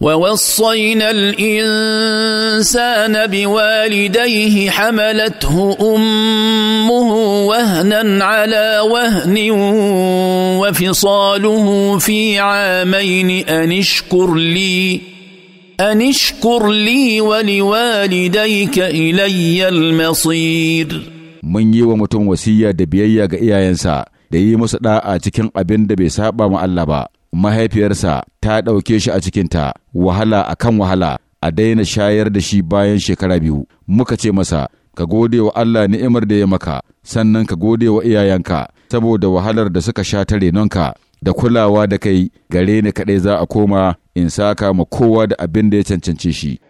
ووصينا الانسان بوالديه حملته امه وهنا على وهن وفصاله في عامين ان اشكر لي ان اشكر لي ولوالديك الي المصير من yi wa mutum wasiya da biyayya ga iyayensa da yi musu da'a cikin abin da bai saba ma Allah ba mahaifiyarsa ta ɗauke shi a cikinta wahala a kan wahala a daina shayar da shi bayan shekara biyu muka ce masa ka gode wa Allah ni'imar da ya maka sannan ka gode wa iyayenka saboda wahalar da suka sha ta renonka da kulawa da kai gare ni kaɗai za a koma in saka ma kowa da abin da ya cancanci shi